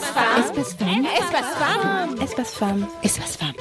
was Farm? Ist was Farm? Ist was Farm? Ist was Farm? Ist was Farm?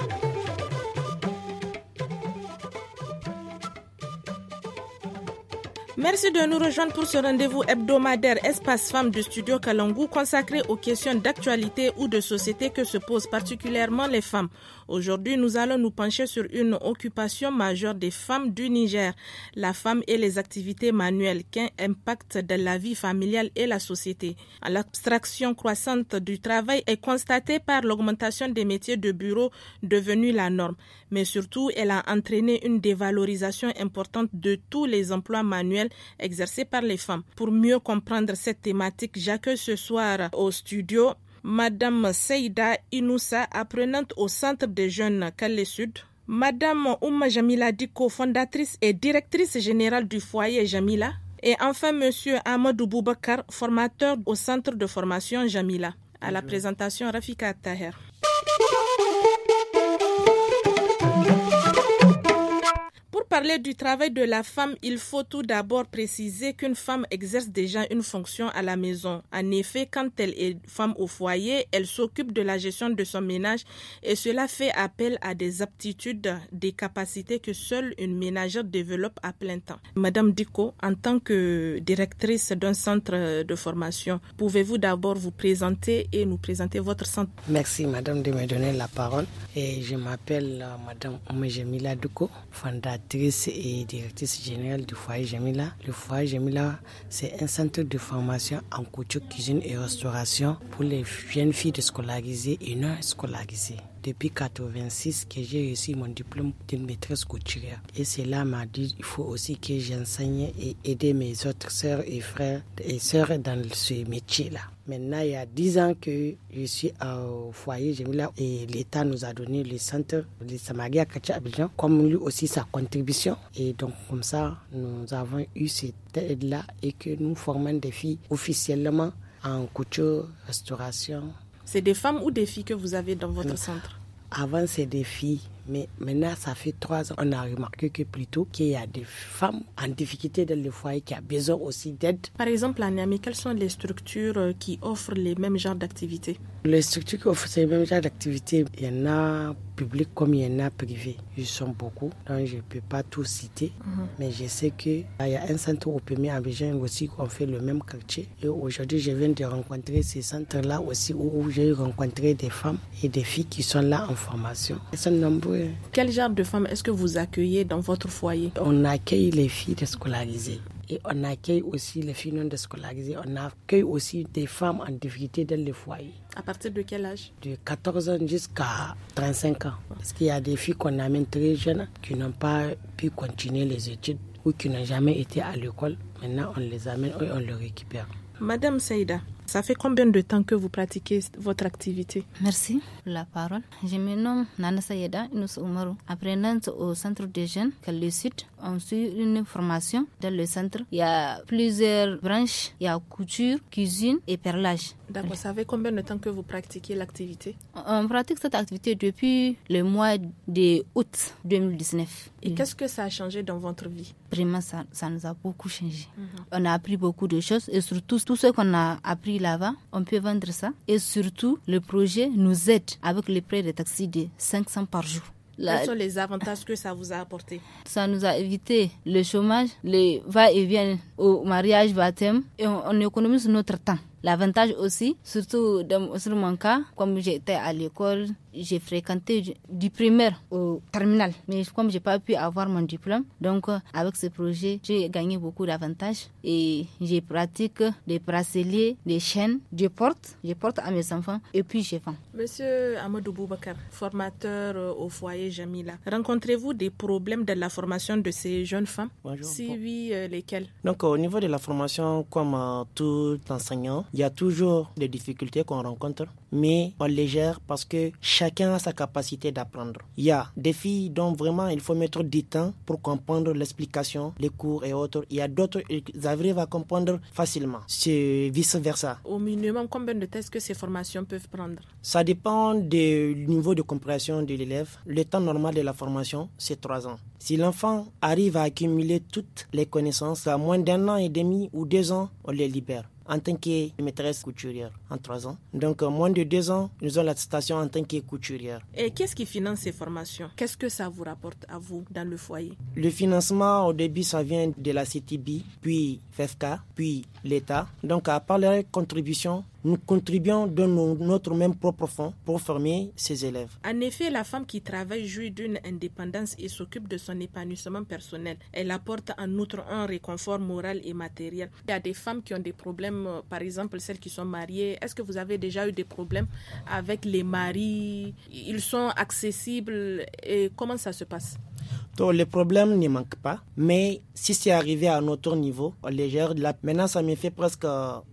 Merci de nous rejoindre pour ce rendez-vous hebdomadaire Espace Femmes du studio Kalangou consacré aux questions d'actualité ou de société que se posent particulièrement les femmes. Aujourd'hui, nous allons nous pencher sur une occupation majeure des femmes du Niger, la femme et les activités manuelles qui impactent de la vie familiale et la société. L'abstraction croissante du travail est constatée par l'augmentation des métiers de bureau devenus la norme, mais surtout elle a entraîné une dévalorisation importante de tous les emplois manuels exercée par les femmes. Pour mieux comprendre cette thématique, j'accueille ce soir au studio Madame Seida Inoussa, apprenante au Centre des jeunes Calais Sud. Madame Oum Jamila Diko, fondatrice et directrice générale du foyer Jamila. Et enfin, Monsieur Amadou Boubakar, formateur au Centre de formation Jamila. À la présentation, Rafika Taher. parler du travail de la femme, il faut tout d'abord préciser qu'une femme exerce déjà une fonction à la maison. En effet, quand elle est femme au foyer, elle s'occupe de la gestion de son ménage et cela fait appel à des aptitudes, des capacités que seule une ménagère développe à plein temps. Madame Dico, en tant que directrice d'un centre de formation, pouvez-vous d'abord vous présenter et nous présenter votre centre Merci Madame de me donner la parole et je m'appelle euh, Madame Omejemila Duko, fondatrice et directrice générale du foyer Jamila. Le foyer Jamila, c'est un centre de formation en couture, cuisine et restauration pour les jeunes filles de scolarisées et non scolarisées depuis 86 que j'ai reçu mon diplôme d'une maîtresse couturière. Et cela m'a dit il faut aussi que j'enseigne et aide mes autres sœurs et frères et sœurs dans ce métier-là. Maintenant, il y a 10 ans que je suis au foyer là. et l'État nous a donné le centre de Samaria Kacha Abidjan, comme lui aussi sa contribution. Et donc, comme ça, nous avons eu cette aide-là et que nous formons des filles officiellement en couture, restauration, c'est des femmes ou des filles que vous avez dans votre centre Avant, c'est des filles. Mais maintenant, ça fait trois ans, on a remarqué que plutôt qu'il y a des femmes en difficulté dans le foyer qui a besoin aussi d'aide. Par exemple, à Niamey, quelles sont les structures euh, qui offrent les mêmes genres d'activités Les structures qui offrent les mêmes genres d'activités, il y en a public comme il y en a privé. Ils sont beaucoup, donc je ne peux pas tout citer. Mhm. Mais je sais qu'il ah, y a un centre au premier Abidjan aussi ont fait le même quartier. Et aujourd'hui, je viens de rencontrer ces centres-là aussi où j'ai rencontré des femmes et des filles qui sont là en formation. Elles sont nombreuses quel genre de femmes est-ce que vous accueillez dans votre foyer On accueille les filles déscolarisées. Et on accueille aussi les filles non déscolarisées. On accueille aussi des femmes en difficulté dans les foyers. À partir de quel âge De 14 ans jusqu'à 35 ans. Parce qu'il y a des filles qu'on amène très jeunes qui n'ont pas pu continuer les études ou qui n'ont jamais été à l'école. Maintenant, on les amène et on les récupère. Madame Saïda, ça fait combien de temps que vous pratiquez votre activité Merci pour la parole. Je me nomme Nana Sayeda Inus Apprenante au centre des jeunes, le on suit une formation dans le centre. Il y a plusieurs branches. Il y a couture, cuisine et perlage. D'accord. Savez combien de temps que vous pratiquez l'activité On pratique cette activité depuis le mois d'août 2019. Et qu'est-ce que ça a changé dans votre vie Vraiment, ça, ça nous a beaucoup changé. Mhm. On a appris beaucoup de choses et surtout tout ce qu'on a appris là-bas, on peut vendre ça. Et surtout, le projet nous aide avec les prêts de taxi de 500 par jour. Quels sont les avantages que ça vous a apporté Ça nous a évité le chômage, les va-et-vient au mariage, baptême, et on économise notre temps. L'avantage aussi, surtout dans, sur mon cas, comme j'étais à l'école, j'ai fréquenté du primaire au terminal. Mais comme j'ai pas pu avoir mon diplôme, donc euh, avec ce projet, j'ai gagné beaucoup d'avantages et j'ai pratiqué des bracelets, des chaînes, je porte, je porte à mes enfants et puis j'ai vends. Monsieur Amadou Boubacar, formateur euh, au foyer Jamila, rencontrez-vous des problèmes dans la formation de ces jeunes femmes Bonjour. Si oui, euh, lesquels Donc au niveau de la formation, comme tout enseignant, il y a toujours des difficultés qu'on rencontre, mais on les gère parce que chacun a sa capacité d'apprendre. Il y a des filles dont vraiment il faut mettre du temps pour comprendre l'explication, les cours et autres. Il y a d'autres qui arrivent à comprendre facilement. C'est vice-versa. Au minimum, combien de tests que ces formations peuvent prendre Ça dépend du niveau de compréhension de l'élève. Le temps normal de la formation, c'est trois ans. Si l'enfant arrive à accumuler toutes les connaissances à moins d'un an et demi ou deux ans, on les libère en tant que maîtresse couturière en trois ans. Donc, en moins de deux ans, nous avons l'attestation en tant que couturière. Et qu'est-ce qui finance ces formations Qu'est-ce que ça vous rapporte à vous dans le foyer Le financement, au début, ça vient de la CTB, puis FFK, e puis l'État. Donc, à part les contributions, nous contribuons de notre même propre fonds pour former ces élèves. En effet, la femme qui travaille jouit d'une indépendance et s'occupe de son épanouissement personnel. Elle apporte en outre un réconfort moral et matériel. Il y a des femmes qui ont des problèmes, euh, par exemple celles qui sont mariées. Est-ce que vous avez déjà eu des problèmes avec les maris Ils sont accessibles et comment ça se passe les problèmes ne manquent pas, mais si c'est arrivé à notre niveau, on les gère. Maintenant, ça me fait presque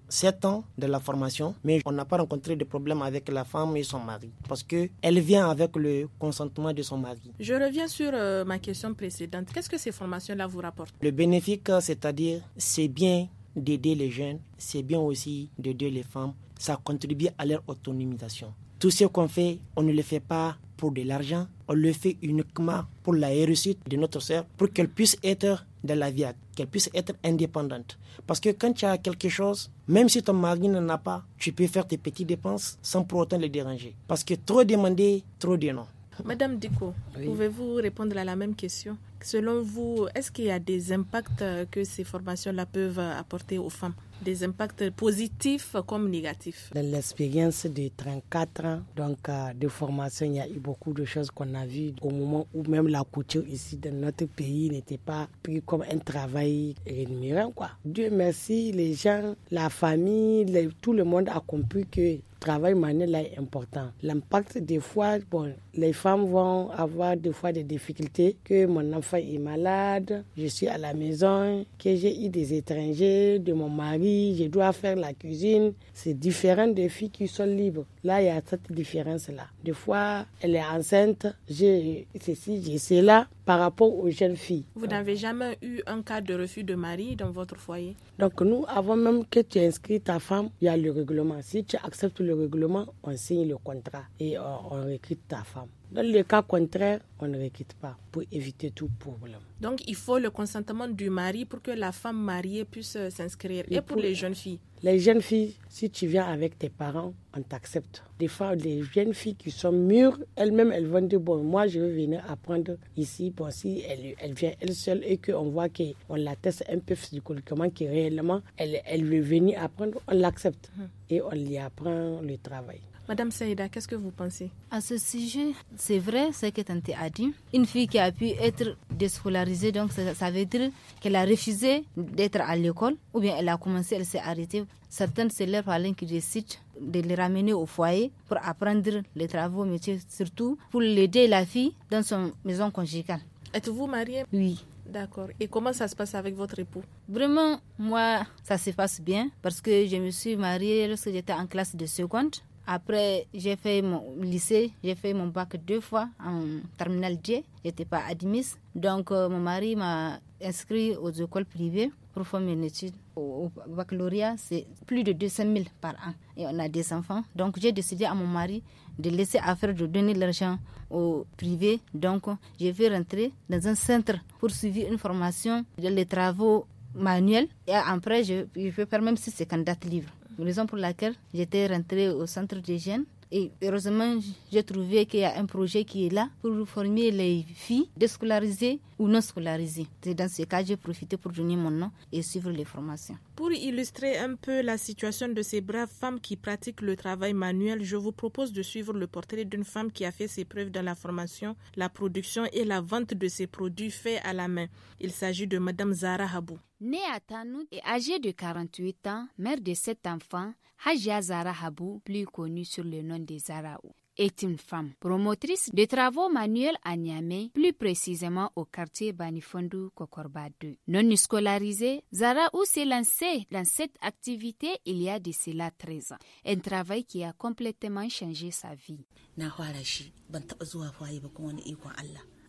7 euh, ans de la formation, mais on n'a pas rencontré de problème avec la femme et son mari, parce qu'elle vient avec le consentement de son mari. Je reviens sur euh, ma question précédente. Qu'est-ce que ces formations-là vous rapportent Le bénéfice, euh, c'est-à-dire, c'est bien d'aider les jeunes, c'est bien aussi d'aider les femmes, ça contribue à leur autonomisation. Tout ce qu'on fait, on ne le fait pas pour de l'argent, on le fait uniquement pour la réussite de notre sœur, pour qu'elle puisse être dans la vie, qu'elle puisse être indépendante. Parce que quand tu as quelque chose, même si ton mari n'en a pas, tu peux faire tes petites dépenses sans pour autant le déranger. Parce que trop demander, trop de non. Madame Diko, pouvez-vous répondre à la même question Selon vous, est-ce qu'il y a des impacts que ces formations-là peuvent apporter aux femmes des impacts positifs comme négatifs Dans l'expérience de 34 ans donc, euh, de formation, il y a eu beaucoup de choses qu'on a vues au moment où même la couture ici dans notre pays n'était pas pris comme un travail rémunérant. Quoi. Dieu merci, les gens, la famille, tout le monde a compris que travail manuel est important. L'impact des fois, bon, les femmes vont avoir des fois des difficultés que mon enfant est malade, je suis à la maison, que j'ai eu des étrangers, de mon mari, je dois faire la cuisine. C'est différent des filles qui sont libres. Là, il y a cette différence-là. Des fois, elle est enceinte, j'ai ceci, j'ai cela par rapport aux jeunes filles. Vous n'avez jamais eu un cas de refus de mari dans votre foyer Donc nous, avant même que tu inscris ta femme, il y a le règlement. Si tu acceptes le règlement, on signe le contrat et on, on ta femme. Dans le cas contraire, on ne le pas pour éviter tout problème. Donc, il faut le consentement du mari pour que la femme mariée puisse euh, s'inscrire. Et, pour, les jeunes filles Les jeunes filles, si tu viens avec tes parents, on t'accepte. Des fois, les jeunes filles qui sont mûres, elles-mêmes, elles vont dire, bon, moi, je veux venir apprendre ici. Bon, si elle, vient elle seule et qu'on voit qu'on la teste un peu psychologiquement, que réellement, elle, veut venir apprendre, on l'accepte. Hum. Et on lui apprend le travail. Madame Saïda, qu'est-ce que vous pensez À ce sujet, c'est vrai ce que Tante a dit. Une fille qui a pu être déscolarisée, donc ça, veut dire qu'elle a refusé d'être à l'école, ou bien elle a commencé, elle s'est arrêtée. Certaines, c'est leur parents qui décident de les ramener au foyer pour apprendre les travaux métiers, surtout pour l'aider la fille dans son maison conjugale. Êtes-vous mariée Oui. D'accord. Et comment ça se passe avec votre époux Vraiment, moi, ça se passe bien parce que je me suis mariée lorsque j'étais en classe de seconde. Après, j'ai fait mon lycée, j'ai fait mon bac deux fois en terminale D. J'étais pas admise. Donc, euh, mon mari m'a inscrit aux écoles privées pour faire mes études. Au, baccalauréat, c'est plus de 200 000 par an. Et on a des enfants. Donc, j'ai décidé à mon mari de laisser affaire de donner l'argent au privé. Donc, je vais rentrer dans un centre pour suivre une formation dans les travaux manuels. Et après, je, vais faire même si c'est candidat livre raison pour laquelle j'étais rentrée au centre d'hygiène. Et heureusement, j'ai trouvé qu'il y a un projet qui est là pour former les filles déscolarisées ou non scolarisées. dans ce cas, j'ai profité pour donner mon nom et suivre les formations. Pour illustrer un peu la situation de ces braves femmes qui pratiquent le travail manuel, je vous propose de suivre le portrait d'une femme qui a fait ses preuves dans la formation, la production et la vente de ses produits faits à la main. Il s'agit de Madame Zara Habou. Née à Tanout et âgée de 48 ans, mère de sept enfants, Hajia Zara Habou, plus connue sous le nom de Zaraou, est une femme promotrice de travaux manuels à Niamey, plus précisément au quartier Banifondu Kokorba 2. Non scolarisée, Zaraou s'est lancée dans cette activité il y a de cela 13 ans, un travail qui a complètement changé sa vie.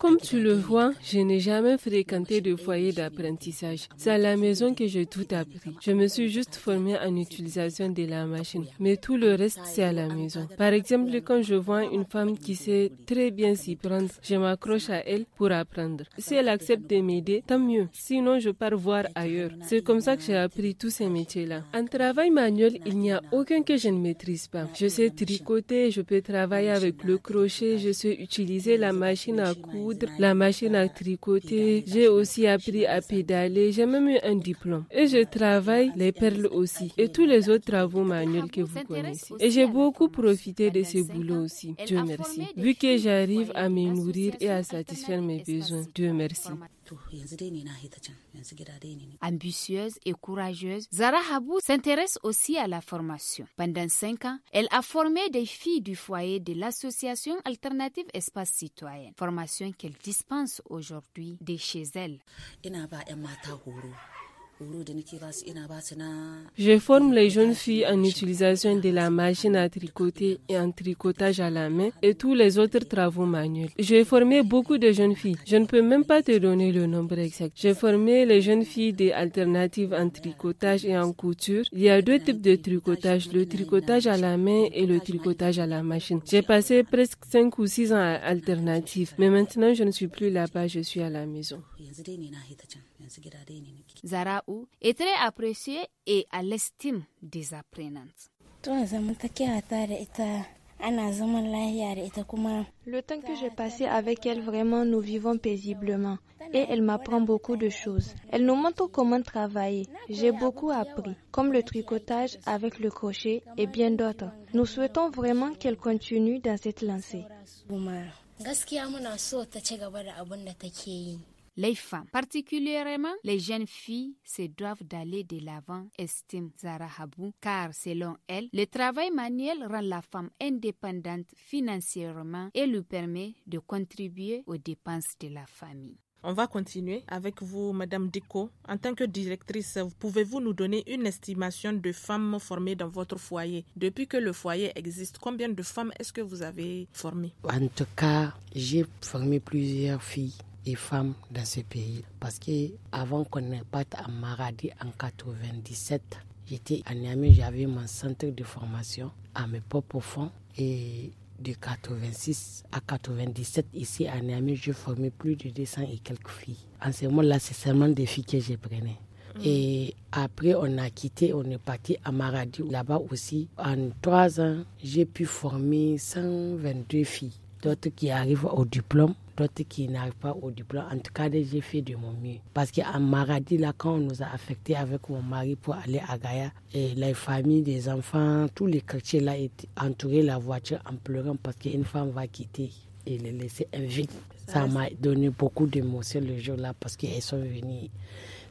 Comme tu le vois, je n'ai jamais fréquenté de foyer d'apprentissage. C'est à la maison que j'ai tout appris. Je me suis juste formée en utilisation de la machine, mais tout le reste, c'est à la maison. Par exemple, quand je vois une femme qui sait très bien s'y prendre, je m'accroche à elle pour apprendre. Si elle accepte de m'aider, tant mieux. Sinon, je pars voir ailleurs. C'est comme ça que j'ai appris tous ces métiers-là. En travail manuel, il n'y a aucun que je ne maîtrise pas. Je sais tricoter, je peux travailler avec le crochet, je sais utiliser la machine à coudre la machine à tricoter. J'ai aussi appris à pédaler. J'ai même eu un diplôme. Et je travaille les perles aussi et tous les autres travaux manuels que vous connaissez. Et j'ai beaucoup profité de ce boulot aussi. Dieu merci. Vu que j'arrive à me nourrir et à satisfaire mes besoins. Dieu merci ambitieuse et courageuse Zara Habou s'intéresse aussi à la formation pendant cinq ans elle a formé des filles du foyer de l'association alternative espace citoyen formation qu'elle dispense aujourd'hui de chez elle je forme les jeunes filles en utilisation de la machine à tricoter et en tricotage à la main et tous les autres travaux manuels. J'ai formé beaucoup de jeunes filles. Je ne peux même pas te donner le nombre exact. J'ai formé les jeunes filles des alternatives en tricotage et en couture. Il y a deux types de tricotage, le tricotage à la main et le tricotage à la machine. J'ai passé presque 5 ou 6 ans à l'alternative, mais maintenant je ne suis plus là-bas, je suis à la maison. Zara est très apprécié et à l'estime des apprenants. Le temps que j'ai passé avec elle, vraiment, nous vivons paisiblement. Et elle m'apprend beaucoup de choses. Elle nous montre comment travailler. J'ai beaucoup appris, comme le tricotage avec le crochet et bien d'autres. Nous souhaitons vraiment qu'elle continue dans cette lancée. Les femmes, particulièrement les jeunes filles, se doivent d'aller de l'avant, estime Zara Habou, car selon elle, le travail manuel rend la femme indépendante financièrement et lui permet de contribuer aux dépenses de la famille. On va continuer avec vous, Madame Dico, En tant que directrice, pouvez-vous nous donner une estimation de femmes formées dans votre foyer Depuis que le foyer existe, combien de femmes est-ce que vous avez formées En tout cas, j'ai formé plusieurs filles et femmes dans ce pays. Parce que avant qu'on ne parte à Maradi en 97, j'étais à Niamey, j'avais mon centre de formation à mes propres fonds et de 86 à 97 ici à Niamey, j'ai formé plus de 200 et quelques filles. En ce moment-là, c'est seulement des filles que j'ai prenais. Mm. Et après, on a quitté, on est parti à Maradi, là-bas aussi. En trois ans, j'ai pu former 122 filles, d'autres qui arrivent au diplôme d'autres qui n'arrivent pas au diplôme. En tout cas, j'ai fait de mon mieux. Parce qu'à Maradi, là, quand on nous a affectés avec mon mari pour aller à Gaïa, et les familles, des enfants, tous les quartiers là entouré la voiture en pleurant parce qu'une femme va quitter et les laisser vie Ça m'a donné beaucoup d'émotion le jour-là parce qu'elles sont venues,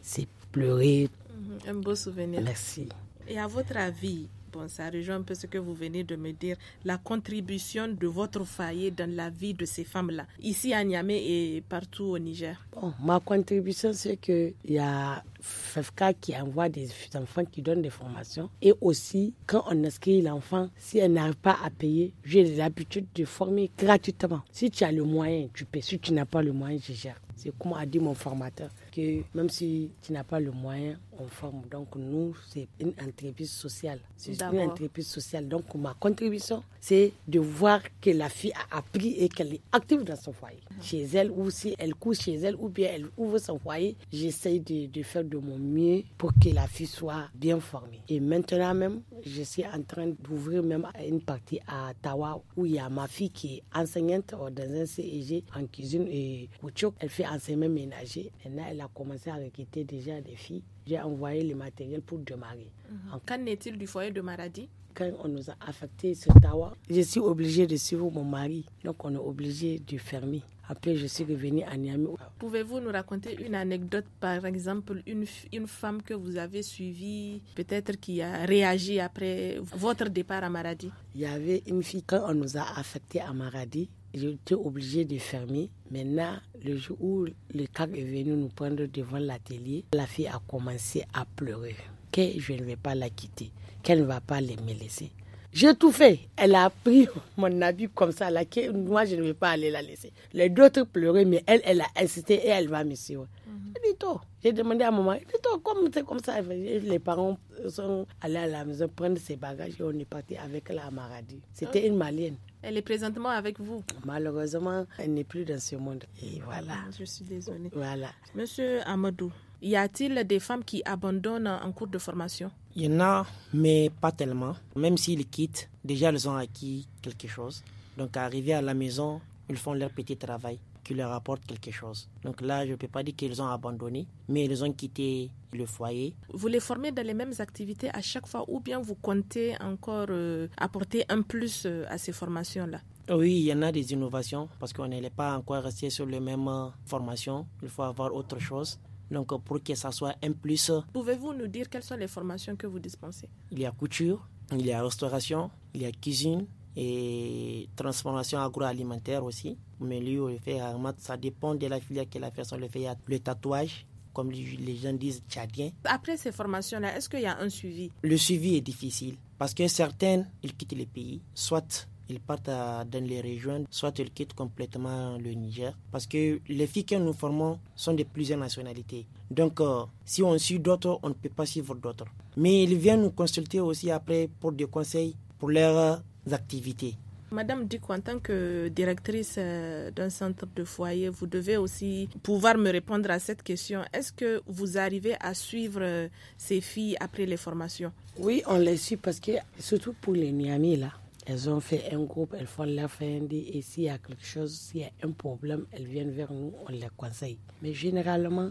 c'est pleurer. Mhm, un beau souvenir. Merci. Et à votre avis, Bon, ça rejoint un peu ce que vous venez de me dire, la contribution de votre foyer dans la vie de ces femmes-là, ici à Niamey et partout au Niger. Bon, ma contribution, c'est qu'il y a FFK qui envoie des enfants qui donnent des formations. Et aussi, quand on inscrit l'enfant, si elle n'arrive pas à payer, j'ai l'habitude de former gratuitement. Si tu as le moyen, tu payes. Si tu n'as pas le moyen, je gère. C'est comme a dit mon formateur que même si tu n'as pas le moyen, on forme. Donc nous, c'est une entreprise sociale. C'est une entreprise sociale. Donc ma contribution, c'est de voir que la fille a appris et qu'elle est active dans son foyer. Chez elle, ou si elle couche chez elle, ou bien elle ouvre son foyer, j'essaye de, faire de mon mieux pour que la fille soit bien formée. Et maintenant même, je suis en train d'ouvrir même une partie à Tawa où il y a ma fille qui est enseignante dans un CEG en cuisine et couture. Elle fait enseignement ménager. Et elle a commencé à recruter déjà des filles. J'ai envoyé les matériels pour démarrer. En mhm. Qu'en est-il du foyer de Maradi Quand on nous a affecté ce tawa, je suis obligée de suivre mon mari. Donc on est obligé de fermer. Après, je suis revenue à Niamey. Pouvez-vous nous raconter une anecdote, par exemple, une, une femme que vous avez suivie, peut-être qui a réagi après votre départ à Maradi Il y avait une fille, quand on nous a affecté à Maradi, J'étais obligée de fermer. Maintenant, le jour où le CAC est venu nous prendre devant l'atelier, la fille a commencé à pleurer. Que je ne vais pas la quitter, qu'elle ne va pas me laisser. J'ai tout fait. Elle a pris mon habit comme ça, moi, je ne vais pas aller la laisser. Les autres pleuraient, mais elle, elle a insisté et elle va me suivre. Mhm. J'ai demandé à maman, comme c'est comme ça Les parents sont allés à la maison prendre ses bagages et on est parti avec la Maradi. C'était ah. une malienne. Elle est présentement avec vous. Malheureusement, elle n'est plus dans ce monde. Et voilà. Ah, je suis désolée. Voilà. Monsieur Amadou, y a-t-il des femmes qui abandonnent en cours de formation Il y en a, mais pas tellement. Même s'ils quittent, déjà elles ont acquis quelque chose. Donc, arrivés à la maison, ils font leur petit travail tu leur apporte quelque chose. Donc là, je ne peux pas dire qu'ils ont abandonné, mais ils ont quitté le foyer. Vous les formez dans les mêmes activités à chaque fois ou bien vous comptez encore euh, apporter un plus euh, à ces formations-là oui, il y en a des innovations parce qu'on n'est pas encore resté sur les mêmes euh, formations. Il faut avoir autre chose. Donc, pour que ça soit un plus. Pouvez-vous nous dire quelles sont les formations que vous dispensez Il y a couture, il y a restauration, il y a cuisine, et transformation agroalimentaire aussi. Mais lui, il le fait ça dépend de la filière qu'elle a le fait. le tatouage, comme les gens disent, tchadien. Après ces formations-là, est-ce qu'il y a un suivi Le suivi est difficile parce que certains, ils quittent les pays, soit ils partent dans les régions, soit ils quittent complètement le Niger. Parce que les filles que nous formons sont de plusieurs nationalités. Donc, euh, si on suit d'autres, on ne peut pas suivre d'autres. Mais ils viennent nous consulter aussi après pour des conseils, pour leur euh, activités. Madame Duc, en tant que directrice euh, d'un centre de foyer, vous devez aussi pouvoir me répondre à cette question. Est-ce que vous arrivez à suivre euh, ces filles après les formations Oui, on les suit parce que, surtout pour les Niamis, là, elles ont fait un groupe, elles font leur fin et s'il y a quelque chose, s'il y a un problème, elles viennent vers nous, on les conseille. Mais généralement,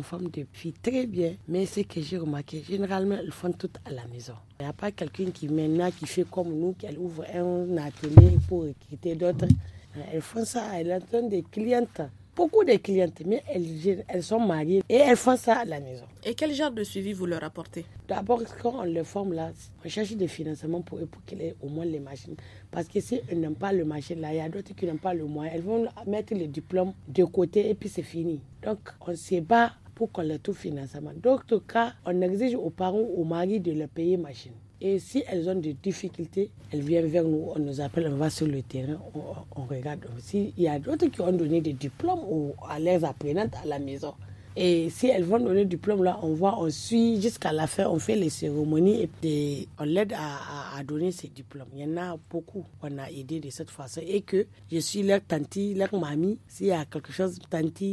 forme depuis très bien. Mais ce que j'ai remarqué, généralement, elles font tout à la maison. Il n'y a pas quelqu'un qui maintenant qui fait comme nous, qu'elle ouvre un atelier pour quitter d'autres. Elles font ça, elles entendent des clientes beaucoup de clientes, mais elles, elles, sont mariées et elles font ça à la maison. Et quel genre de suivi vous leur apportez D'abord, quand on les forme là, on cherche des financements pour qu'elles pour aient au moins les machines. Parce que si elles n'aiment pas le machine là, il y a d'autres qui n'ont pas le moyen. Elles vont mettre les diplômes de côté et puis c'est fini. Donc, on sait pas pour qu'on tout trouve financement. tout cas, on exige aux parents ou aux maris de leur payer machine. Et si elles ont des difficultés, elles viennent vers nous, on nous appelle, on va sur le terrain, on, regarde. regarde. Il y a d'autres qui ont donné des diplômes ou à leurs apprenantes à la maison. Et si elles vont donner le diplôme, là, on voit, on suit jusqu'à la fin, on fait les cérémonies et on l'aide à, donner ses diplômes. Il y en a beaucoup qu'on a aidé de cette façon et que je suis leur tante, leur mamie. S'il y a quelque chose, tante,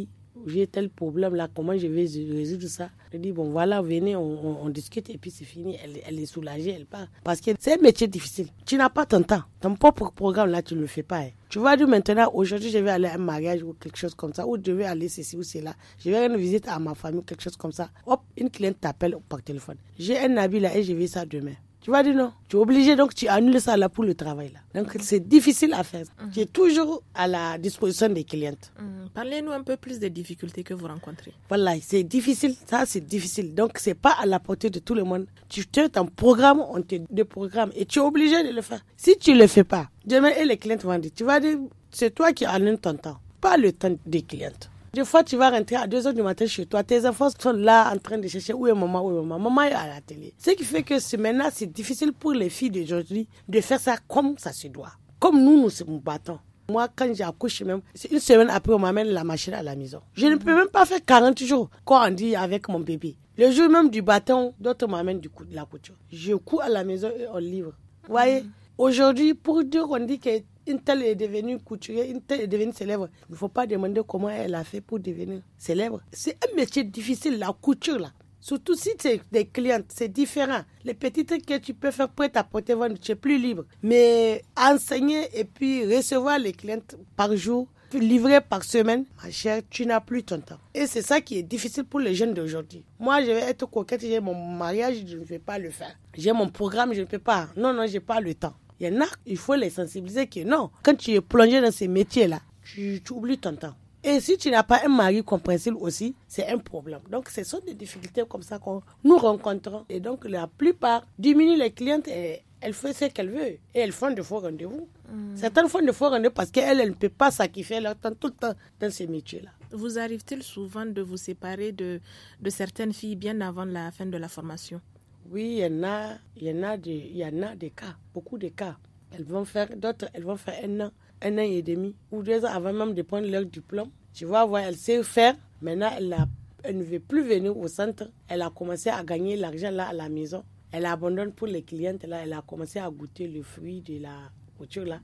j'ai tel problème là, comment je vais résoudre ça Je dis, bon voilà, venez, on, discute et puis c'est fini, elle, est soulagée, elle part. Parce que c'est un métier difficile, tu n'as pas ton temps, ton propre programme là, tu ne le fais pas. Hein. Tu vas dire maintenant, aujourd'hui je vais aller à un mariage ou quelque chose comme ça, ou je vais aller ceci ou cela, je vais une visite à ma famille, quelque chose comme ça. Hop, une cliente t'appelle par téléphone. J'ai un habit là et je vais ça demain. Tu vas dire non. Tu es obligé, donc tu annules ça là pour le travail là. Donc c'est difficile à faire. Mhm. Tu es toujours à la disposition des clientes. Mhm. Parlez-nous un peu plus des difficultés que vous rencontrez. Voilà, c'est difficile, ça c'est difficile. Donc c'est pas à la portée de tout le monde. Tu te ton programme, on te déprogramme. programmes et tu es obligé de le faire. Si tu le fais pas, demain les clientes vont dire, tu vas dire, c'est toi qui annules ton temps, pas le temps des clientes. Des fois, tu vas rentrer à 2h du matin chez toi. Tes enfants sont là en train de chercher où est maman, où est maman. Maman est à la télé. Ce qui fait que ce maintenant, c'est difficile pour les filles d'aujourd'hui de faire ça comme ça se doit. Comme nous, nous sommes battons. Moi, quand j'accouche, même, une semaine après, on m'amène la machine à la maison. Je ne peux même pas faire 40 jours, quoi on dit, avec mon bébé. Le jour même du bâton, d'autres m'amènent du coup, de la couture. Je cours à la maison et on livre. Vous voyez Aujourd'hui, pour dire on dit que une telle est devenue couturière, une telle est devenue célèbre. Il ne faut pas demander comment elle a fait pour devenir célèbre. C'est un métier difficile, la couture, là. Surtout si tu es des clientes, c'est différent. Les petites que tu peux faire prêt à porter, tu es plus libre. Mais enseigner et puis recevoir les clientes par jour, livrer par semaine, ma chère, tu n'as plus ton temps. Et c'est ça qui est difficile pour les jeunes d'aujourd'hui. Moi, je vais être coquette, j'ai mon mariage, je ne vais pas le faire. J'ai mon programme, je ne peux pas. Non, non, je n'ai pas le temps. Il y en a, il faut les sensibiliser que non, quand tu es plongé dans ces métiers-là, tu, oublies ton temps. Et si tu n'as pas un mari compréhensible aussi, c'est un problème. Donc, ce sont des difficultés comme ça qu'on nous rencontrons. Et donc, la plupart diminuent les clientes et elles font ce qu'elles veulent. Et elles font de faux rendez-vous. Hmm. Certaines font de faux rendez-vous parce qu'elles elles ne peuvent pas sacrifier leur temps tout le temps dans ces métiers-là. Vous arrive-t-il souvent de vous séparer de, de certaines filles bien avant la fin de la formation oui, il y en a, y en a des, y en a des cas, beaucoup de cas. Elles vont faire, d'autres, elles vont faire un an, un an et demi ou deux ans avant même de prendre leur diplôme. Tu vois, voir, elle sait faire. Maintenant, elle, a, elle ne veut plus venir au centre. Elle a commencé à gagner l'argent là à la maison. Elle abandonne pour les clientes là. Elle a commencé à goûter le fruit de la couture là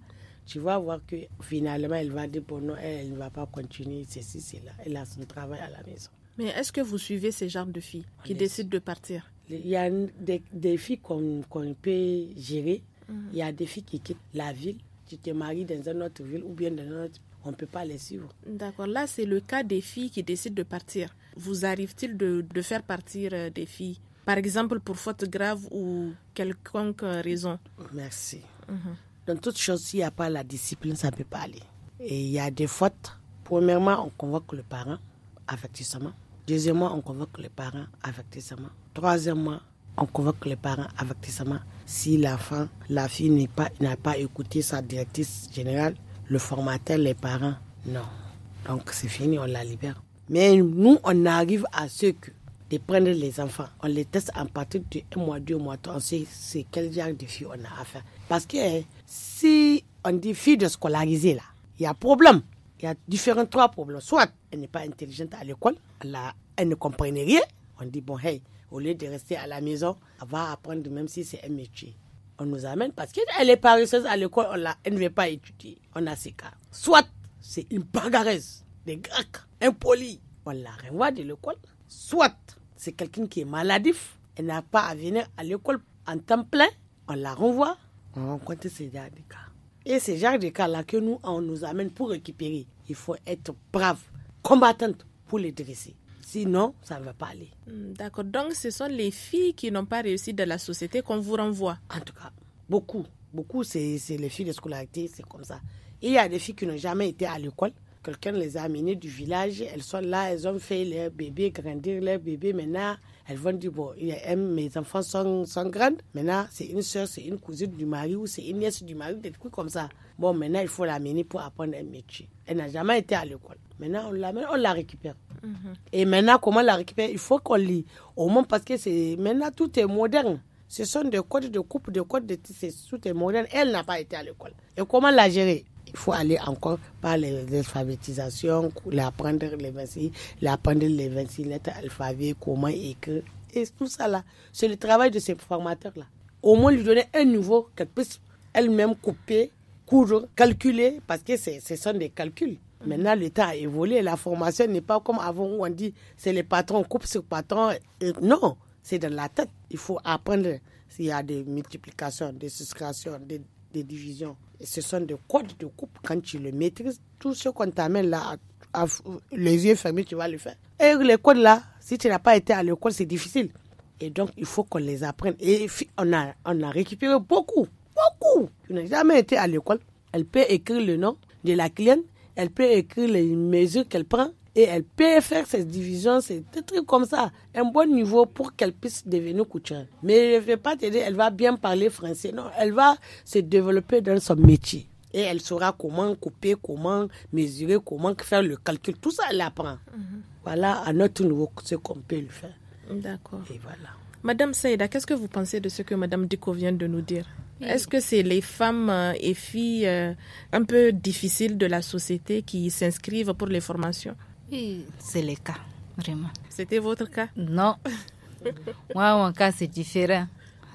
tu vas voir que finalement, elle va dire bon non, elle, ne va pas continuer ceci, là. Elle a son travail à la maison. Mais est-ce que vous suivez ces genres de filles qui décident de partir il y a des, filles qu'on peut gérer. Mhm. Il y a des filles qui quittent la ville. Tu te maries dans une autre ville ou bien dans une autre. On ne peut pas les suivre. D'accord. Là, c'est le cas des filles qui décident de partir. Vous arrive-t-il de, faire partir euh, des filles Par exemple, pour faute grave ou quelconque euh, raison Merci. Mhm. Dans toute chose, s'il n'y a pas la discipline, ça ne peut pas aller. Et il y a des fautes. Premièrement, on convoque le parent affectivement Deuxièmement, on convoque le parent affectivement Troisièmement, on convoque les parents avertissement. Si l'enfant, la fille n'a pas, pas écouté sa directrice générale, le formateur, les parents, non. Donc c'est fini, on la libère. Mais nous, on arrive à ce que de prendre les enfants. On les teste en partie de 1 mois, 2 mois, on sait c'est quel genre de fille on a faire. Parce que hein, si on dit fille de scolariser là, il y a problème. Il y a différents trois problèmes. Soit elle n'est pas intelligente à l'école, elle, elle ne comprenait rien. On dit bon, hey, au lieu de rester à la maison, va apprendre même si c'est un métier. On nous amène parce qu'elle est paresseuse à l'école, elle ne veut pas étudier. On a ces cas. Soit c'est une bagarreuse, des grecs, impolie. On la renvoie de l'école. Soit c'est quelqu'un qui est maladif, elle n'a pas à venir à l'école en temps plein, on la renvoie. On rencontre ces de cas. Et ces genre de cas-là que nous, on nous amène pour récupérer. Il faut être brave, combattante pour les dresser. Sinon, ça ne va pas aller. Hmm, d'accord. Donc, ce sont les filles qui n'ont pas réussi dans la société qu'on vous renvoie. En tout cas, beaucoup. Beaucoup, c'est les filles de scolarité, c'est comme ça. Il y a des filles qui n'ont jamais été à l'école. Quelqu'un les a amenées du village. Elles sont là, elles ont fait leur bébé, grandir leur bébé. Maintenant, elles vont dire, bon, il mes enfants sont, sont grandes. Maintenant, c'est une soeur, c'est une cousine du mari ou c'est une nièce du mari, des trucs comme ça. Bon, maintenant, il faut la mener pour apprendre un métier. Elle n'a jamais été à l'école. Maintenant, on on la récupère. Mhm. Et maintenant, comment la récupérer Il faut qu'on lit. Au moins, parce que c'est maintenant, tout est moderne. Ce sont des codes de coupe, des codes de tissu, tout est moderne. Elle n'a pas été à l'école. Et comment la gérer il faut aller encore par l'alphabétisation, l'apprendre les 26, apprendre les 26 lettres alphabet, comment écrire. Et tout ça là, c'est le travail de ces formateurs-là. Au moins lui donner un niveau qu'elle puisse elle-même couper, coudre, calculer, parce que ce sont des calculs. Maintenant, l'État a évolué. La formation n'est pas comme avant où on dit c'est les patrons, coupe sur patron. non, c'est dans la tête. Il faut apprendre s'il y a des multiplications, des soustractions, des, des divisions ce sont des codes de coupe. Quand tu le maîtrises, tout ce qu'on t'amène là, les yeux fermés, tu vas le faire. Et les codes là, si tu n'as pas été à l'école, c'est difficile. Et donc, il faut qu'on les apprenne. Et on a, on a récupéré beaucoup, beaucoup. Tu n'as jamais été à l'école. Elle peut écrire le nom de la cliente. Elle peut écrire les mesures qu'elle prend et elle peut faire cette division, c'est des trucs comme ça, un bon niveau pour qu'elle puisse devenir couturière. Mais je ne vais pas te dire, elle va bien parler français. Non, elle va se développer dans son métier. Et elle saura comment couper, comment mesurer, comment faire le calcul. Tout ça, elle apprend. Mhm. Voilà, à notre niveau, ce qu'on peut le faire. D'accord. Et voilà. Madame Saïda, qu'est-ce que vous pensez de ce que Madame Diko vient de nous dire est-ce que c'est les femmes euh, et filles euh, un peu difficiles de la société qui s'inscrivent pour les formations c'est le cas, vraiment. C'était votre cas Non. moi, mon cas, c'est différent.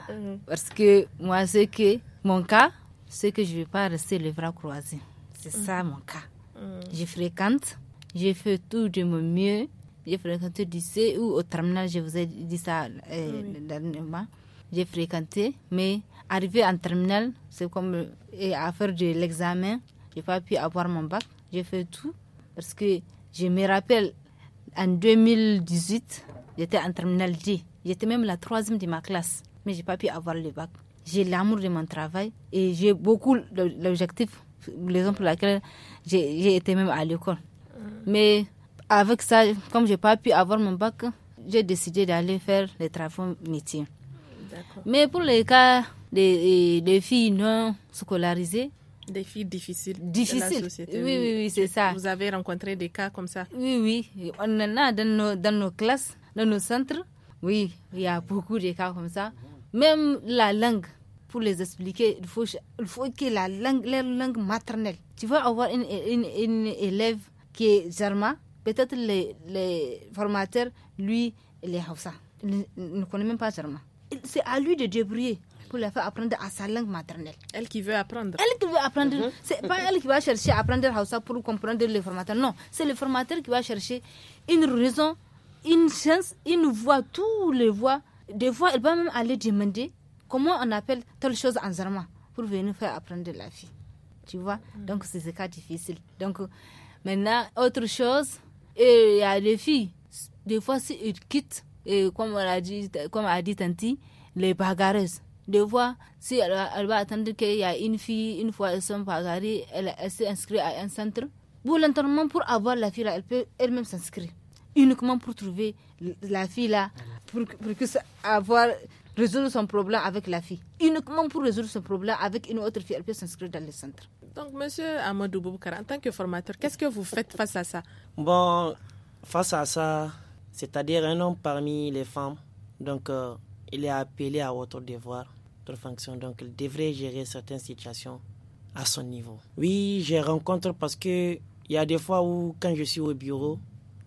Hum. Parce que moi, que mon cas, c'est que je ne vais pas rester les bras croisés. C'est ça hum. mon cas. Hum. Je fréquente, j'ai fait tout de mon mieux. J'ai fréquenté du C ou au terminal, je vous ai dit ça euh, dernièrement. J'ai fréquenté, mais arrivé en terminal, c'est comme euh, et à faire de l'examen. Je n'ai pas pu avoir mon bac. J'ai fait tout parce que je me rappelle, en 2018, j'étais en terminale D. J'étais même la troisième de ma classe, mais j'ai pas pu avoir le bac. J'ai l'amour de mon travail et j'ai beaucoup l'objectif, raison pour laquelle j'ai été même à l'école. Mais avec ça, comme j'ai pas pu avoir mon bac, j'ai décidé d'aller faire les travaux métiers. Mais pour les cas de des filles non scolarisées, des filles difficiles. dans La société. Oui, oui, oui, c'est ça. Vous avez rencontré des cas comme ça Oui, oui. On en a dans nos, dans classes, dans nos centres. Oui, il y a beaucoup de cas comme ça. Même la langue, pour les expliquer, il faut, il faut que la langue, leur langue maternelle. Tu vas avoir une, une, élève qui est germain, peut-être les, les formateurs, lui, il est ça. Il ne connaît même pas germain. C'est à lui de débrouiller pour la faire apprendre à sa langue maternelle. Elle qui veut apprendre. Elle qui veut apprendre. Mm-hmm. C'est pas elle qui va chercher à apprendre ça pour comprendre le formateur. Non, c'est le formateur qui va chercher une raison, une chance, une voix, toutes les voix. Des fois, elle va même aller demander comment on appelle telle chose en Zarma pour venir faire apprendre la fille. Tu vois mm. Donc, c'est ce cas difficile. Donc, maintenant, autre chose, il y a des filles. Des fois, si elles quittent, et comme, on a dit, comme a dit Tanti, les bagarreuses. Des si elle va, attendre qu'il y a une fille, une fois elles sont elle, elle s'est inscrite à un centre. Volontairement, pour avoir la fille, elle peut elle-même s'inscrire. Uniquement pour trouver la fille là, pour, pour que avoir, résoudre son problème avec la fille. Uniquement pour résoudre son problème avec une autre fille, elle peut s'inscrire dans le centre. Donc, monsieur Amadou Bouboukara, en tant que formateur, qu'est-ce que vous faites face à ça Bon, face à ça, c'est-à-dire un homme parmi les femmes, donc euh, il est appelé à votre devoir fonction. Donc, il devrait gérer certaines situations à son niveau. Oui, je rencontre parce que il y a des fois où, quand je suis au bureau,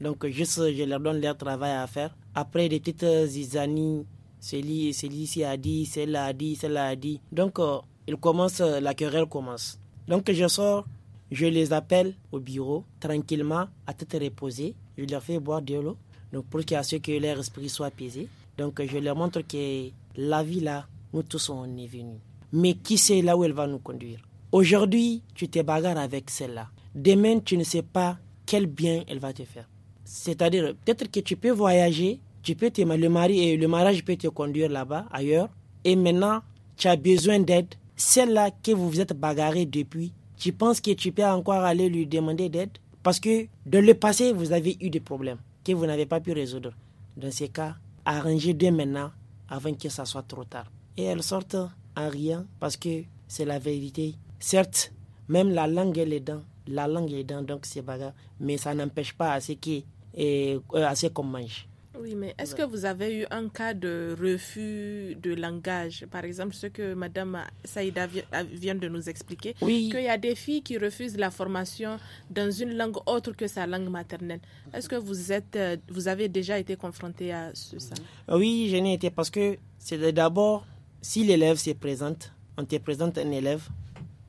donc juste je leur donne leur travail à faire. Après des petites euh, zizanies, celui-ci a dit, celle-là a dit, celle-là a dit. Donc, euh, il commence, euh, la querelle commence. Donc, je sors, je les appelle au bureau, tranquillement, à tête reposée. Je leur fais boire de l'eau, donc pour qu'à ce que leur esprit soit apaisé. Donc, je leur montre que la vie là, nous tous, on est venus. Mais qui sait là où elle va nous conduire Aujourd'hui, tu te bagarres avec celle-là. Demain, tu ne sais pas quel bien elle va te faire. C'est-à-dire, peut-être que tu peux voyager, tu peux te, le, mari, et le mariage peut te conduire là-bas, ailleurs. Et maintenant, tu as besoin d'aide. Celle-là que vous vous êtes bagarré depuis, tu penses que tu peux encore aller lui demander d'aide Parce que dans le passé, vous avez eu des problèmes que vous n'avez pas pu résoudre. Dans ces cas, arrangez dès maintenant avant que ça soit trop tard et elles sortent en rien parce que c'est la vérité. Certes, même la langue et est dents, la langue est dents, donc c'est bagarre, mais ça n'empêche pas à ce qui euh, qu'on mange. Oui, mais est-ce que vous avez eu un cas de refus de langage Par exemple, ce que Madame Saïda vient de nous expliquer, oui. qu'il y a des filles qui refusent la formation dans une langue autre que sa langue maternelle. Est-ce que vous, êtes, euh, vous avez déjà été confronté à ce ça Oui, je n'ai été parce que c'est d'abord si l'élève se présente, on te présente un élève,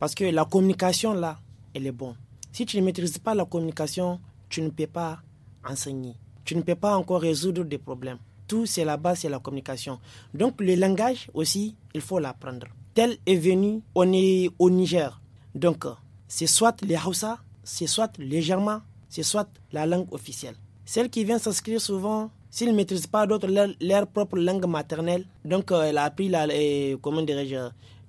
parce que la communication là, elle est bonne. Si tu ne maîtrises pas la communication, tu ne peux pas enseigner. Tu ne peux pas encore résoudre des problèmes. Tout, c'est la base, c'est la communication. Donc, le langage aussi, il faut l'apprendre. Tel est venu, on est au Niger. Donc, c'est soit les Hausa, c'est soit les Germains, c'est soit la langue officielle. Celle qui vient s'inscrire souvent S'ils ne maîtrisent pas d'autres leur, propre langue maternelle, donc euh, elle a appris la, euh,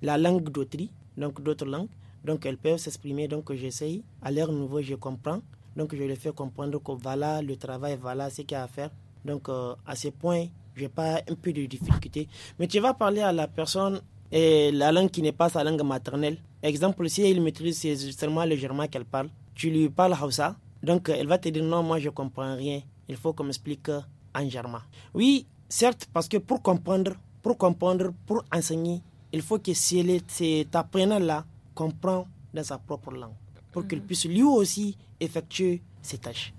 la langue d'autrui, donc d'autres langues, donc elles peuvent s'exprimer. Donc j'essaye, à l'air nouveau je comprends. Donc je les fais comprendre que voilà le travail, voilà ce qu'il y a à faire. Donc euh, à ce point, n'ai pas un peu de difficulté. Mais tu vas parler à la personne et la langue qui n'est pas sa langue maternelle. Exemple, si elle maîtrise seulement le germain qu'elle parle, tu lui parles ça... donc elle va te dire non, moi je comprends rien. Il faut qu'on m'explique euh, en germain. Oui, certes, parce que pour comprendre, pour comprendre, pour enseigner, il faut que cet apprenant-là comprenne dans sa propre langue, pour qu'il mhm. puisse lui aussi effectuer ses tâches.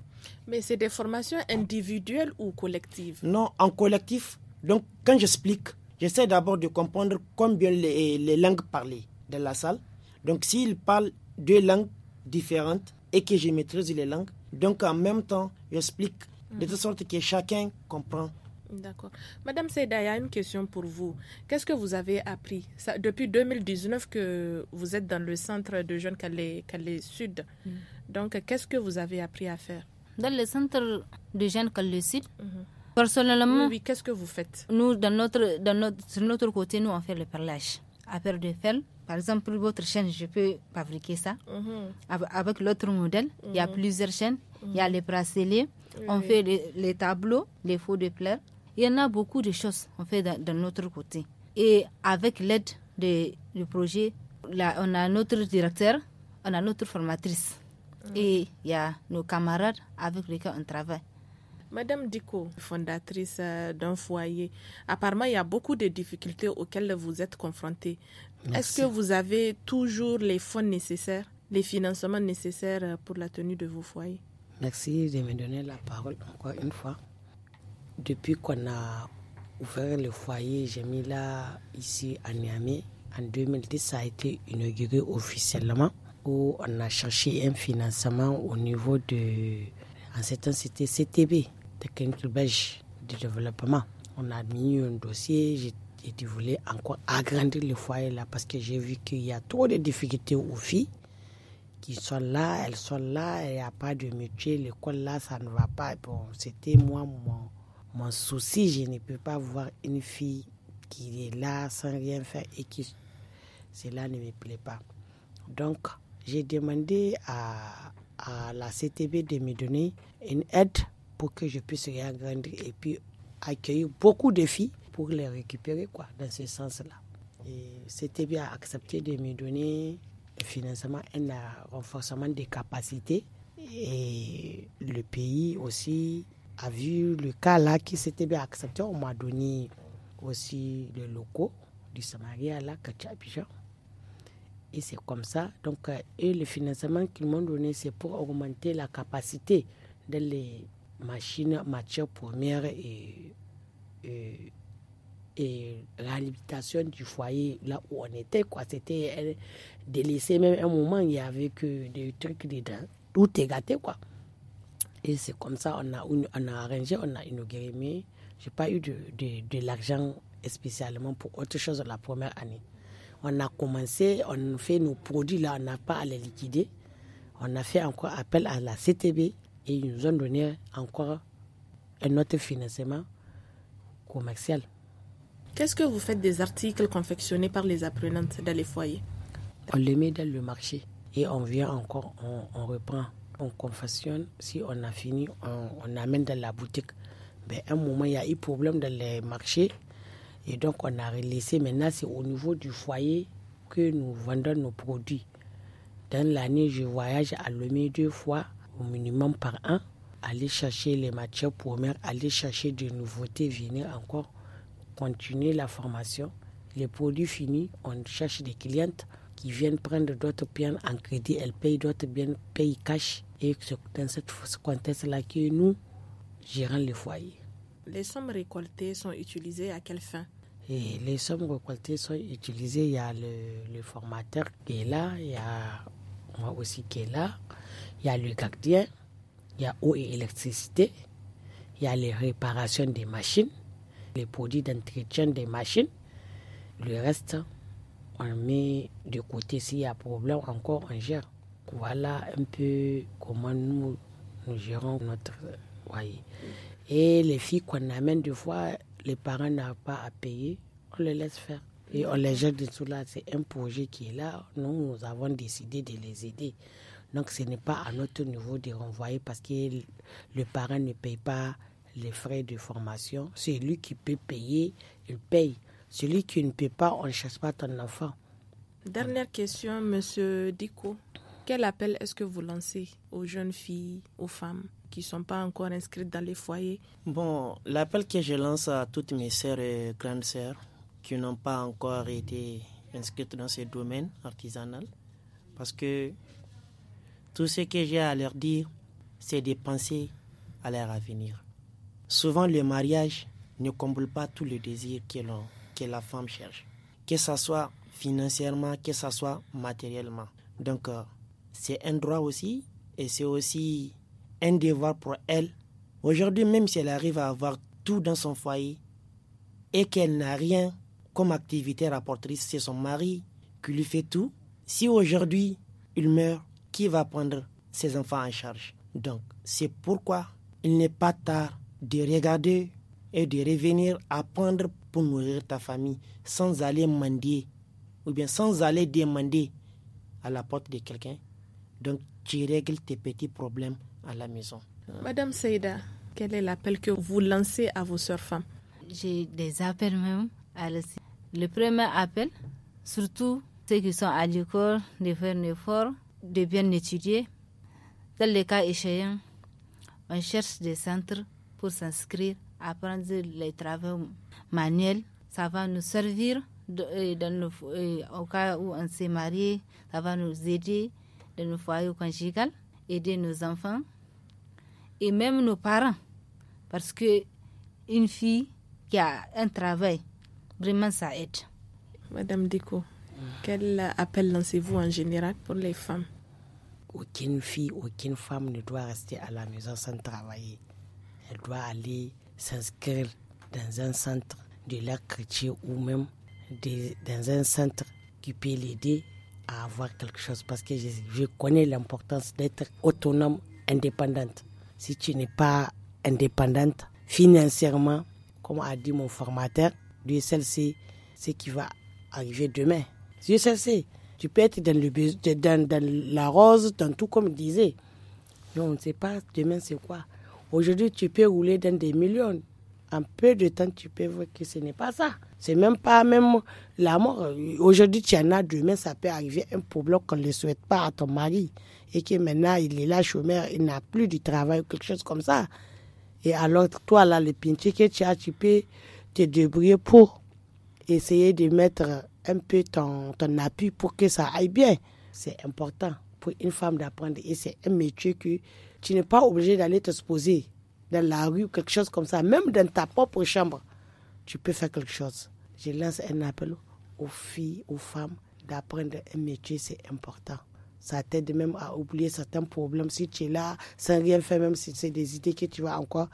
Mais c'est des formations individuelles ou collectives Non, en collectif. Donc, quand j'explique, j'essaie d'abord de comprendre combien les, les langues parlées dans la salle. Donc, s'il parle deux langues différentes et que je maîtrise les langues, donc en même temps, j'explique de toute sorte que chacun comprend. D'accord. Madame Seda, il y a une question pour vous. Qu'est-ce que vous avez appris Ça, Depuis 2019 que vous êtes dans le centre de jeunes Calais, Calais Sud, mm. donc qu'est-ce que vous avez appris à faire Dans le centre de jeunes Calais Sud, mm-hmm. personnellement... Oui, oui qu'est-ce que vous faites Nous, dans notre, dans notre, sur notre côté, nous, on fait le perlage. À faire de fer, par exemple, votre chaîne, je peux fabriquer ça. Mm-hmm. Avec l'autre modèle, il y a mm-hmm. plusieurs chaînes. Il y a les bracelets, on fait les, tableaux, les faux de plaire. Il y en a beaucoup de choses qu'on fait de, notre côté. Et avec l'aide du projet, on a notre directeur, on a notre formatrice. Et il y a nos camarades avec lesquels on travaille. Madame Dico, fondatrice euh, d'un foyer, apparemment il y a beaucoup de difficultés auxquelles vous êtes confrontée. Est-ce que vous avez toujours les fonds nécessaires, les financements nécessaires euh, pour la tenue de vos foyers Merci de me donner la parole encore une fois. Depuis qu'on a ouvert le foyer j'ai mis là, ici à Niamey, en 2010, ça a été inauguré officiellement où on a cherché un financement au niveau de, en ce temps c'était CTB, Technique Belge de Développement. On a mis un dossier, j'ai voulez encore agrandir le foyer là parce que j'ai vu qu'il y a trop de difficultés aux filles sont là, elles sont là, il n'y a pas de métier, l'école là, ça ne va pas. Bon, c'était moi mon, mon souci, je ne peux pas voir une fille qui est là sans rien faire et qui cela ne me plaît pas. Donc j'ai demandé à, à, la CTB de me donner une aide pour que je puisse réagrandir et puis accueillir beaucoup de filles pour les récupérer quoi, dans ce sens-là. Et CTB a accepté de me donner le financement un renforcement des capacités. Et le pays aussi a vu le cas là qui s'était bien accepté. On m'a donné aussi le locaux du Samaria là, Kachapija. Et c'est comme ça. Donc, euh, et le financement qu'ils m'ont donné, c'est pour augmenter la capacité des machines, matières premières et et réhabilitation du foyer là où on était quoi c'était délaissé même un moment il y avait que des trucs dedans tout est gâté quoi et c'est comme ça on a on a arrangé on a inauguré mais j'ai pas eu de, de, de l'argent spécialement pour autre chose la première année on a commencé on fait nos produits là on n'a pas à les liquider on a fait encore appel à la CTB et ils nous ont donné encore un autre financement commercial Qu'est-ce que vous faites des articles confectionnés par les apprenantes dans les foyers On les met dans le marché et on vient encore, on, reprend, on confectionne. Si on a fini, on, amène dans la boutique. Mais à un moment, il y a eu problème dans les marchés et donc on a laissé. Maintenant, c'est au niveau du foyer que nous vendons nos produits. Dans l'année, je voyage à Lomé deux fois, au minimum par an, aller chercher les matières premières, aller chercher des nouveautés, venir encore continuer la formation. Les produits finis, on cherche des clientes qui viennent prendre d'autres biens en crédit, elles payent d'autres biens, payent cash. Et c'est dans ce contexte-là que nous gérons le foyer. Les sommes récoltées sont utilisées à quelle fin et les sommes récoltées sont utilisées. Il y a le, le, formateur qui est là, il y a moi aussi qui est là, il y a le gardien, il y a eau et électricité, il y a les réparations des machines, les produits d'entretien des machines. Le reste, on met de côté. S'il y a problème, encore, on gère. Voilà un peu comment nous, nous gérons notre euh, voyez. Et les filles qu'on amène, des fois, les parents n'ont pas à payer, on les laisse faire. Et on les jette tout là. C'est un projet qui est là. Nous, nous avons décidé de les aider. Donc, ce n'est pas à notre niveau de renvoyer parce que le parent ne paye pas les frais de formation. C'est lui qui peut payer, il paye. Celui qui ne peut pas, on ne chasse pas ton enfant. Dernière question, Monsieur Diko. Quel appel est-ce que vous lancez aux jeunes filles, aux femmes qui ne sont pas encore inscrites dans les foyers Bon, l'appel que je lance à toutes mes sœurs et grandes sœurs qui n'ont pas encore été inscrites dans ce domaine artisanal, parce que tout ce que j'ai à leur dire, c'est de penser à leur avenir. Souvent, le mariage ne comble pas tous le désir que, la femme cherche, que ce soit financièrement, que ce soit matériellement. Donc, euh, c'est un droit aussi et c'est aussi un devoir pour elle. Aujourd'hui, même si elle arrive à avoir tout dans son foyer et qu'elle n'a rien comme activité rapportrice, c'est son mari qui lui fait tout. Si aujourd'hui il meurt, qui va prendre ses enfants en charge Donc, c'est pourquoi il n'est pas tard de regarder et de revenir apprendre pour nourrir ta famille sans aller mendier ou bien sans aller demander à la porte de quelqu'un. Donc tu règles tes petits problèmes à la maison. Madame Saïda, quel est l'appel que vous lancez à vos soeurs femmes J'ai des appels même le... premier appel, surtout ceux qui sont à l'école, de faire un effort, de bien étudier. Dans le cas échéants, on cherche des centres pour s'inscrire, apprendre les travaux manuels. Ça va nous servir dans le, au cas où on s'est marié, ça va nous aider dans nos foyers conjugales aider nos enfants et même nos parents. Parce que une fille qui a un travail, vraiment ça aide. Madame Diko, quel appel lancez-vous en général pour les femmes Aucune fille, aucune femme ne doit rester à la maison sans travailler elle doit aller s'inscrire dans un centre de la chrétien ou même dans un centre qui peut l'aider à avoir quelque chose parce que je, connais l'importance d'être autonome, indépendante. Si tu n'es pas indépendante financièrement, comme a dit mon formateur, Dieu celle sait ce qui va arriver demain. Dieu sait. Tu peux être dans, le, dans, dans la rose, dans tout comme il disait. Mais on ne sait pas demain c'est quoi. Aujourd'hui, tu peux rouler dans des millions. En peu de temps, tu peux voir que ce n'est pas ça. C'est même pas même la mort. Aujourd'hui, tu en as, demain, ça peut arriver un problème qu'on ne souhaite pas à ton mari. Et que maintenant, il est là, chômeur, il n'a plus de travail ou quelque chose comme ça. Et alors, toi, là, le pintier que tu as, tu peux te débrouiller pour essayer de mettre un peu ton, ton appui pour que ça aille bien. C'est important pour une femme d'apprendre. Et c'est un métier que tu n'es pas obligé d'aller te poser dans la rue ou quelque chose comme ça. Même dans ta propre chambre, tu peux faire quelque chose. Je lance un appel aux filles, aux femmes, d'apprendre un métier, c'est important. Ça t'aide même à oublier certains problèmes. Si tu es là sans rien faire, même si c'est des idées que tu as encore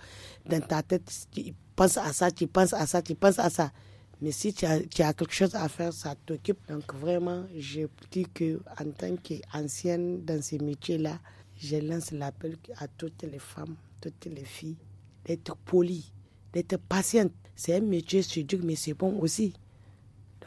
dans ta tête, tu penses à ça, tu penses à ça, tu penses à ça. Mais si tu as, quelque chose à faire, ça t'occupe. Donc vraiment, je dis que en tant qu'ancienne dans ces métiers-là, je lance l'appel à toutes les femmes, toutes les filles, d'être polies, d'être patientes. C'est un métier mais c'est bon aussi.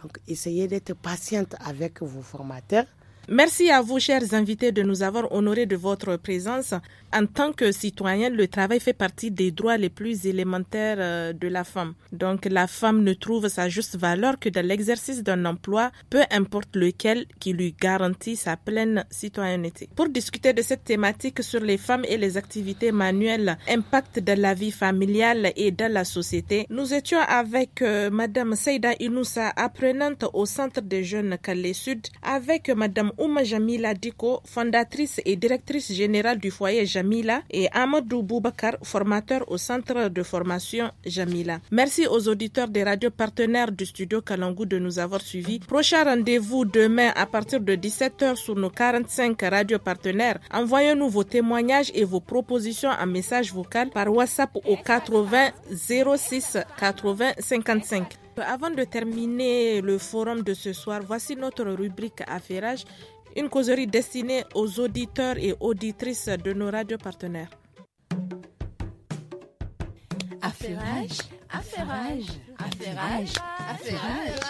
Donc, essayez d'être patiente avec vos formateurs Merci à vous, chers invités, de nous avoir honorés de votre présence. En tant que citoyen, le travail fait partie des droits les plus élémentaires euh, de la femme. Donc, la femme ne trouve sa juste valeur que dans l'exercice d'un emploi, peu importe lequel, qui lui garantit sa pleine citoyenneté. Pour discuter de cette thématique sur les femmes et les activités manuelles, impact de la vie familiale et de la société, nous étions avec euh, Madame Seida Inoussa, apprenante au Centre des jeunes Calais Sud, avec Madame Oum Jamila Diko, fondatrice et directrice générale du foyer Jamila, et Amadou Boubakar, formateur au centre de formation Jamila. Merci aux auditeurs des radios partenaires du studio Kalangou de nous avoir suivis. Prochain rendez-vous demain à partir de 17h sur nos 45 radios partenaires. Envoyez-nous vos témoignages et vos propositions en message vocal par WhatsApp au 80 06 80 55. Avant de terminer le forum de ce soir, voici notre rubrique Affairage, une causerie destinée aux auditeurs et auditrices de nos radios partenaires. Affairage, affairage, affairage, affairage.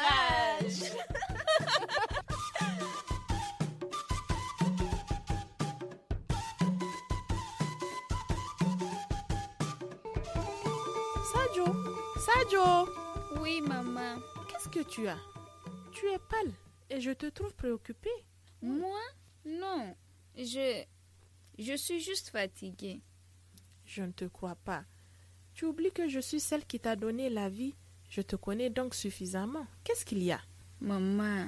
Sadio, Sadio. Oui, maman. Qu'est-ce que tu as Tu es pâle et je te trouve préoccupée. Moi Non. Je. Je suis juste fatiguée. Je ne te crois pas. Tu oublies que je suis celle qui t'a donné la vie. Je te connais donc suffisamment. Qu'est-ce qu'il y a Maman.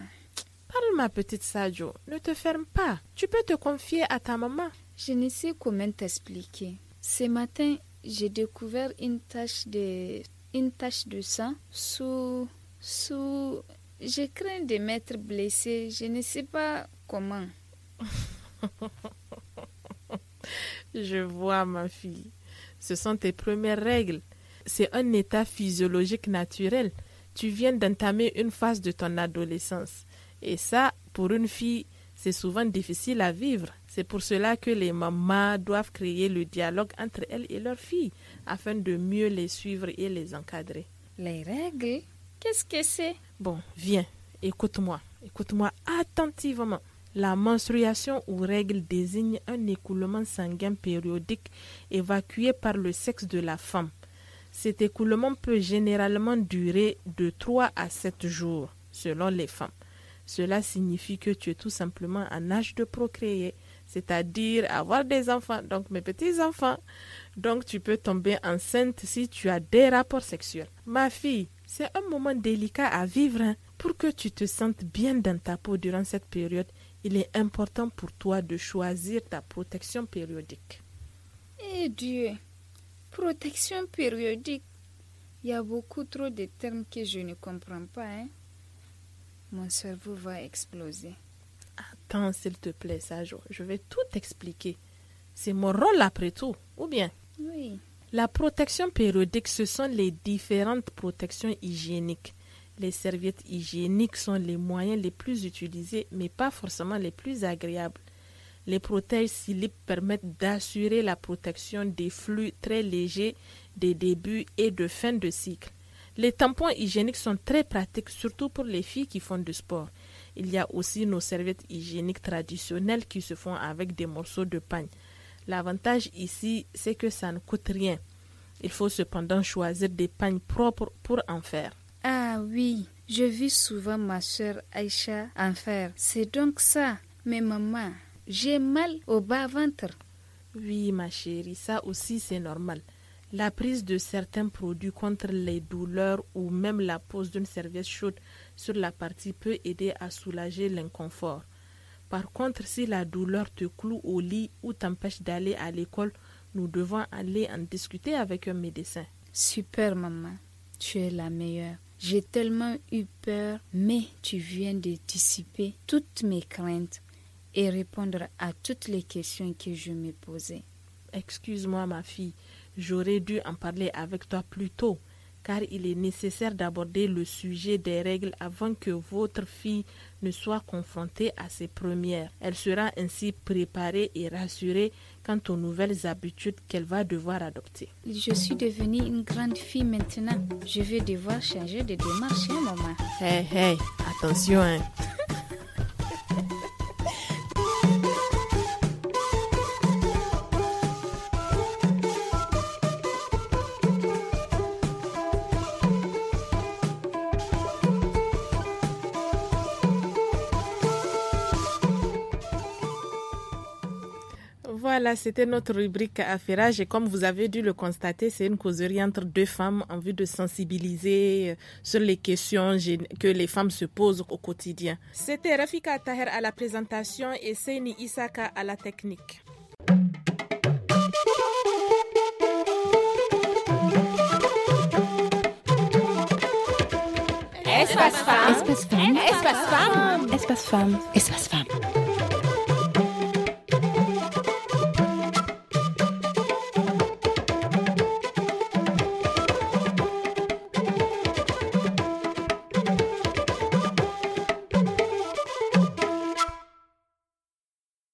Parle, ma petite Sadio. Ne te ferme pas. Tu peux te confier à ta maman. Je ne sais comment t'expliquer. Ce matin, j'ai découvert une tache de une tache de sang sous, sous. Je crains de m'être blessée. Je ne sais pas comment. Je vois, ma fille. Ce sont tes premières règles. C'est un état physiologique naturel. Tu viens d'entamer une phase de ton adolescence. Et ça, pour une fille, c'est souvent difficile à vivre. C'est pour cela que les mamans doivent créer le dialogue entre elles et leurs filles afin de mieux les suivre et les encadrer. Les règles Qu'est-ce que c'est Bon, viens, écoute-moi. Écoute-moi attentivement. La menstruation ou règle désigne un écoulement sanguin périodique évacué par le sexe de la femme. Cet écoulement peut généralement durer de 3 à 7 jours, selon les femmes. Cela signifie que tu es tout simplement en âge de procréer c'est-à-dire avoir des enfants, donc mes petits-enfants. Donc tu peux tomber enceinte si tu as des rapports sexuels. Ma fille, c'est un moment délicat à vivre. Hein. Pour que tu te sentes bien dans ta peau durant cette période, il est important pour toi de choisir ta protection périodique. Eh Dieu, protection périodique. Il y a beaucoup trop de termes que je ne comprends pas. Hein. Mon cerveau va exploser s'il te plaît, Sajo. Je vais tout expliquer. C'est mon rôle après tout, ou bien Oui. La protection périodique, ce sont les différentes protections hygiéniques. Les serviettes hygiéniques sont les moyens les plus utilisés, mais pas forcément les plus agréables. Les protèges slip permettent d'assurer la protection des flux très légers des débuts et de fin de cycle. Les tampons hygiéniques sont très pratiques, surtout pour les filles qui font du sport. Il y a aussi nos serviettes hygiéniques traditionnelles qui se font avec des morceaux de pagne. L'avantage ici, c'est que ça ne coûte rien. Il faut cependant choisir des pagnes propres pour en faire. Ah oui, je vis souvent ma soeur Aïcha en faire. C'est donc ça. Mais maman, j'ai mal au bas-ventre. Oui, ma chérie, ça aussi c'est normal. La prise de certains produits contre les douleurs ou même la pose d'une serviette chaude sur la partie peut aider à soulager l'inconfort. Par contre, si la douleur te cloue au lit ou t'empêche d'aller à l'école, nous devons aller en discuter avec un médecin. Super, maman. Tu es la meilleure. J'ai tellement eu peur, mais tu viens de dissiper toutes mes craintes et répondre à toutes les questions que je me posais. Excuse-moi, ma fille. J'aurais dû en parler avec toi plus tôt car il est nécessaire d'aborder le sujet des règles avant que votre fille ne soit confrontée à ses premières. Elle sera ainsi préparée et rassurée quant aux nouvelles habitudes qu'elle va devoir adopter. Je suis devenue une grande fille maintenant. Je vais devoir changer de démarche, hein, maman. Hey, hey, attention, hein. c'était notre rubrique Affairage. Et comme vous avez dû le constater, c'est une causerie entre deux femmes en vue de sensibiliser euh, sur les questions que les femmes se posent au quotidien. C'était Rafika Taher à la présentation et Seini Isaka à la technique. Espace Espace Espace Espace Espace femme.